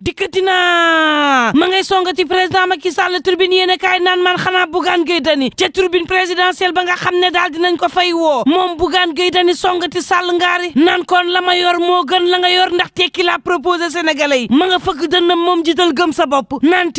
dikkati naa ma ngay songati président Macky Sall tribune yéen a kaay naan man xanaa Bougane Gueye Dany ca tribune présidentielle ba nga xam ne daal dinañ ko fay woo moom Bougane Gueye Dany songati Sall ngaari naan kon la ma yor moo gën la nga yor ndax tekki laa proposé sénégalais yi ma nga fëkk dënnam moom jiital gëm sa bopp naan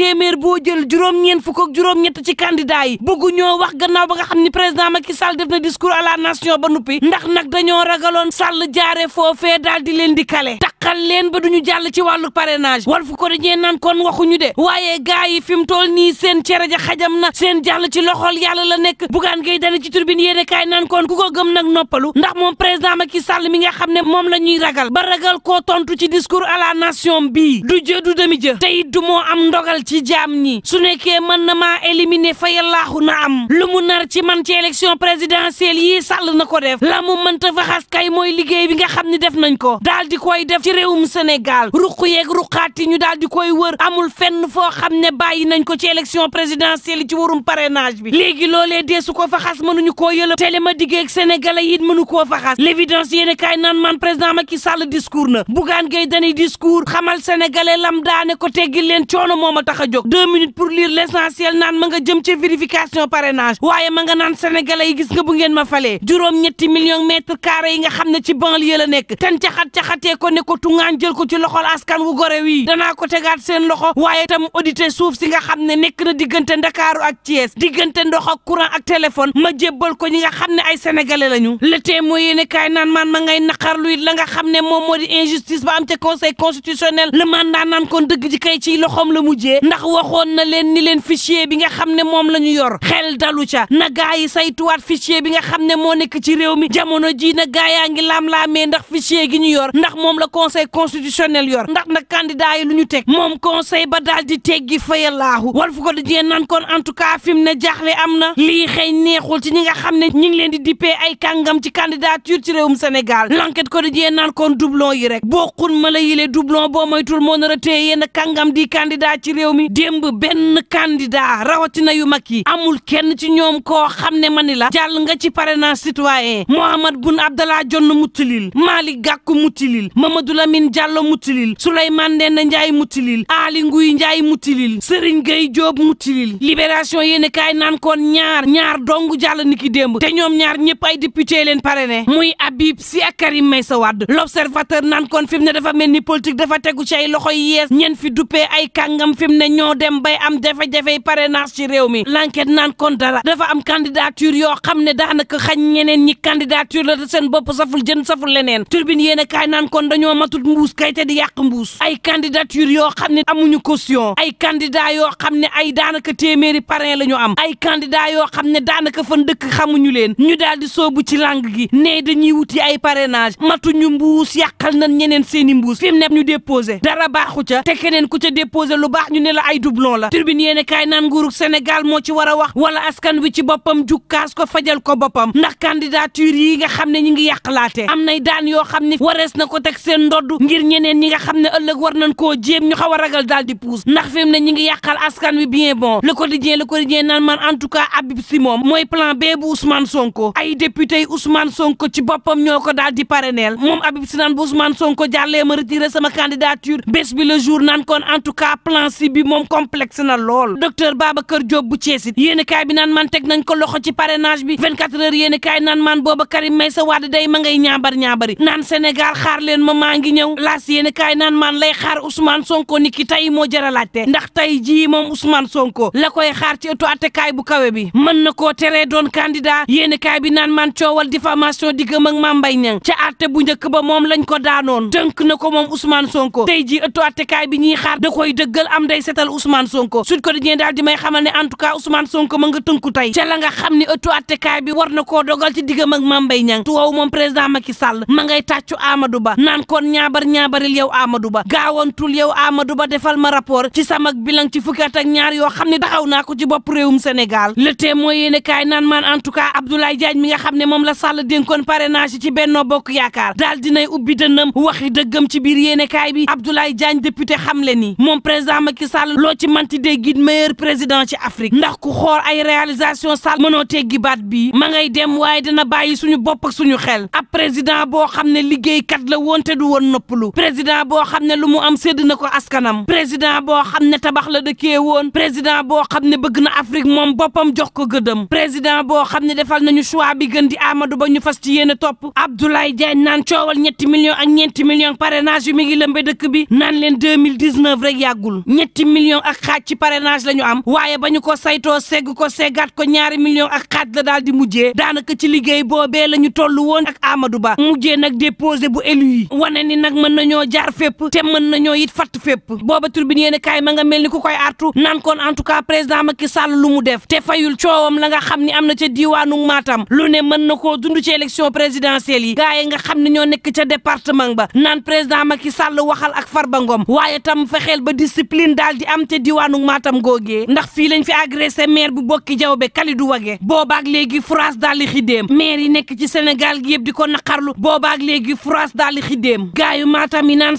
boo jël juróom-ñeent fukk ak juróom-ñett ci candidat yi bëggu ño wax gannaaw ba nga xam ni président Macky Sall def na discours à la nation ba nuppi ndax nag dañoo ragaloon Sall jaare foofee daal di leen di kale leen ba duñu jàll ci wàllu parrainage ko Walf Quotidien naan kon waxuñu de waaye gaa yi fi mu toll nii seen cere ja xajam na seen jàll ci loxol yàlla la nekk bugaan ngay dana ci turbine yéene kaay nan koon ku ko gëm ak noppalu ndax moom ma ki sàll mi nga xam ne moom la ñuy ragal ba ragal koo tontu ci discours à la nation bi du jë du demi jë tey du moo am ndogal ci jaam ñi su nekkee mën na maa éliminer fa yallaaxu na am lu mu nar ci man ci élection présidentielle yi Sall na ko def la mu mënta faxas kay mooy liggéey bi nga xam ne def nañ ko daal di koy def ci réewum Sénégal ruq parti ñu daal di koy wër amul fenn foo xam ne bàyyi nañ ko ci élection présidentielle ci warum parrainage bi léegi loole deesu su ko fa xas mënuñu koo yëlëb télé ma diggee ak sénégalais mënu ko fa xas l'évidence yéen kaay naan man président Macky Sall discours na Bougane Gueye Dany discours xamal sénégalais lam daane ko teggil leen coono moom ma tax a jog deux minutes pour lire l'essentiel naan ma nga jëm ci vérification parrainage waaye ma nga naan sénégalais yi gis nga bu ngeen ma falee juróom-ñetti million mètres carrés yi nga xam ne ci banlieue la nekk ten caxat caxatee ko ne ko tungaañ jël ko ci loxol askan wu gore wii danaa ko tegaat seen loxo waaye itam audité suuf si nga xam ne nekk na diggante ndakaaru ak Thiès diggante ndox ak courant ak téléphone ma jébbal ko ñi nga xam ne ay sénégalais lañu le témoin yéene kaay nan man ma ngay naqar luy la nga xam ne moom moo di injustice ba am ca conseil constitutionnel le mandat naan kon dëgg ji kay ci loxoom la mujjee ndax waxoon na leen ni leen fichier bi nga xam ne moom la ñu yor xel dalu ca na gaa yi saytuwaat fichier bi nga xam ne moo nekk ci réew mi jamono ji na gaa yaa ngi laam-laamee ndax fichier gi ñu yor ndax moom la conseil yor ndax waaye lu ñu teg moom conseil ba daal di teggi faya laahu wal fu ko dajee naan kon en tout cas fi mu ne jaaxle am na lii xëy neexul ci ñi nga xam ne ñi ngi leen di dippee ay kangam ci candidature ci réewum senegal l'enquête ko jee naan kon doublon yi rek bokkun ma la yile doublon boo moytul moo nar a téye yenn kàngam di candidat ci réew mi démb benn candidat rawatina yu mag yi amul kenn ci ñoom ko xam ne ma ni la jàll nga ci parrainage citoyen Mohamed Boun Abdallah Dionne Moutilil Malick Gakou Moutilil Mamadou Lamine Diallo Moutilil Souleymane Ndéné Ndiaye mutilil Aly Ngouille Ndiaye mutilil Serigne Gueye Diop mutilil libération yéeni kaay naan koon ñaar ñaar dong jàll ni ki démb te ñoom ñaar ñëpp ay député leen parrainé muy Habib si ak Karim Meïssa Wade l'observateur naan koon fi mu ne dafa mel ni politique dafa tegu ci ay loxo yi yees ñen fi duppee ay kàngam fi mu ne ñoo dem bay am jafe-jafey parrainage ci réew mi l'enquête naan koon dara dafa am candidature yoo xam ne daanaka xañ ñeneen ñi candidature la te seen bopp saful jën saful leneen turbine yéen a kaay naan dañoo matut mbuus kay di yàq candidature yoo xam ne amuñu caution ay candidat yoo xam ne ay daanaka téeméeri parrain la ñu am ay candidat yoo xam ne daanaka fan dëkk xamuñu leen ñu daal di soobu ci lang gi ne dañuy wuti ay parrainage matuñu mbuus yàqal nañ ñeneen seeni mbuus fi mu ne ñu déposé dara baaxu ca te keneen ku ca déposé lu baax ñu ne la ay doublon la tribune yéene kaay naan nguurug Sénégal moo ci war a wax wala askan wi ci boppam jukkaas ko fajal ko boppam ndax candidature yi nga xam ne ñi ngi yàqalaate am nay daan yoo xam ne warees na ko seen ndodd ngir ñeneen koo jéem ñu xaw a ragal di puus ndax fi mu ne ñi askan wi bien bon le quotidien le man en tout cas Habib moom mooy plan B bu Sonko ay député Ousmane Sonko ci boppam ñoo ko daal di parrainel moom Habib Sy naan bu Ousmane Sonko jàllee ma retiré sama candidature bés bi le jour naan kon en tout plan C bi moom complexe na lool docteur Babacar Diop bu Thiès yéen kaay bi naan man teg nañ ko loxo ci parrainage bi 24 heures yéen kaay naan man booba ma ngay ñaabar Ousmane Sonko niki tey moo jar a ndax tey jii moom Ousmane Sonko la koy xaar ci ëttu attekaay bu kawe bi mën na koo teree doon candidat yéen kaay bi naan man coowal diffamation diggam ak Mame Mbaye Niang ca àtte bu njëkk ba moom lañ ko daanoon dënk na ko moom Ousmane Sonko tey ji ëttu attekaay bi ñuy xaar da koy am day setal Ousmane Sonko Sud Quotidien daal di may xamal ne en tout cas Ousmane Sonko ma nga tënku tey ca la nga xam ne ëttu attekaay bi war na koo dogal ci diggam ak Mame Mbaye Niang tuwaw moom président Macky Sall ma ngay tàccu Amadou Ba naan kon ñaabar ñaabaril yow Amadou Ba moytul yow Amadou Ba defal ma rapport ci sama bilan ci fukki at ak ñaar yoo xam ne taxaw naa ko ci bopp réewum Sénégal le témoin yéene kaay naan maan en tout cas Abdoulaye Diagne mi nga xam moom la Sall dénkoon parrainage ci Benno Bokk Yaakaar daal dinay ubbi dënnam waxi dëggam ci biir yéene kaay bi Abdoulaye Diagne député xam le ni moom président Macky Sall loo ci manti dee guide meilleur ci Afrique ndax ku xool ay réalisation Sall mënoo teggi baat bi ma ngay dem waaye dina bàyyi suñu bopp ak suñu xel ab président boo xam ne liggéeykat la woon du woon noppalu sédd na ko askanam président boo xam ne tabax la dëkkee woon président boo xam ne bëgg na Afrique moom boppam jox ko gëdëm président boo xam ne defal nañu choix bi gën di Amadou Ba ñu fas ci yéen a topp Abdoulaye Diagne naan coowal ñetti millions ak ñeenti millions parrainage yu mi ngi lëmbe dëkk bi naan leen 2019 rek yàggul ñetti millions ak xaaj ci parrainage la ñu am waaye ba ñu ko saytoo segg ko seggaat ko ñaari millions ak xaaj la daal di mujjee daanaka ci liggéey boobee la ñu toll woon ak Amadou Ba mujjee nag déposé bu élu yi ni nag mën nañoo jaar fépp te mën nañoo it fatt fépp booba turbine yéen kaay ma nga mel ni ko koy artu naan kon en tout cas président Macky Sall lu mu def te fayul coowam la nga xam ni am na ca diwaanu maatam lu ne mën na koo dund ci élection présidentielle yi gars yi nga xam ne ñoo nekk ca département ba naan président Macky Sall waxal ak Farba Ngom waaye tam fexeel ba discipline daal di am te diiwaanu Matam googee ndax fii lañ fi agressé maire bu bokki jawbe Kalidou Wagué boobaak léegi France daal di xidéem maire yi nekk ci Sénégal gi yëpp di ko naqarlu boobaak léegi France daal di xidéem gaayu Matam yi naan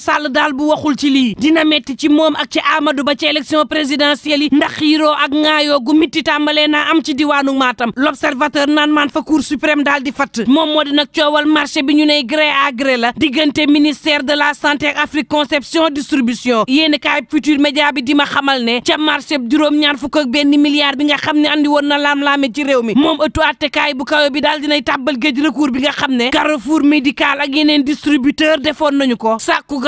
ci lii dina metti ci moom ak ci amadu Ba ci élection présidentielle yi ndax xiiroo ak ŋaayoo gu mitti tàmbalee na am ci diwaanu Matam l'observateur naan maan fa cour suprême daal di fatt moom moo di nag coowal marché bi ñu ne gré à la diggante ministère de la santé ak Afrique conception distribution yéen kaay futur média bi di ma xamal ne ca marché juróom-ñaar fukk ak benn milliard bi nga xam ne andi woon na laam-laame ci réew mi moom ëttu attekaay bu kawe bi daal dinay tàbbal géej recours bi nga xam ne Carrefour médical ak yeneen distributeur defoon nañu ko sàkku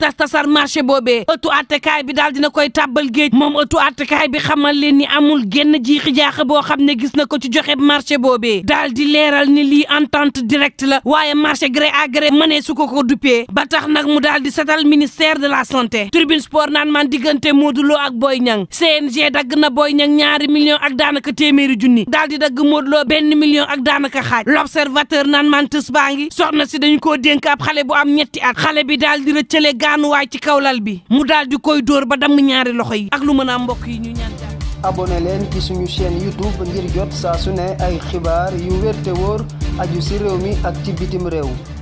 tas tasar marché boobe ëttu attekaay bi daal dina koy tàbbal géej moom ëttu attekaay bi xamal leen ni amul génn jiixi jaaxa boo xam ne gis na ko ci joxe marché boobee daal di leeral ni lii entente directe la waaye marché gré à gré mënee su ko ko duppee ba tax nag mu daal di setal ministère de la santé tribune sport naan man diggante Modou Lo ak Boy Niang CNG dagg na Boy Niang ñaari million ak daanaka téeméeri junni daal dagg Modou benn million ak daanaka xaaj l'observateur naan man tës baa ngi soxna si dañu koo dénk xale bu am ñetti at xale bi gaanuwaay ci kawlal bi mu daal koy dóor ba damm ñaari loxo yi ak lu mën a mbokk yi ñu ñaan jàpp leen ci suñu chaîne youtube ngir jot saa su ne ay xibaar yu wér te wóor aju si réew mi ak ci bitim réew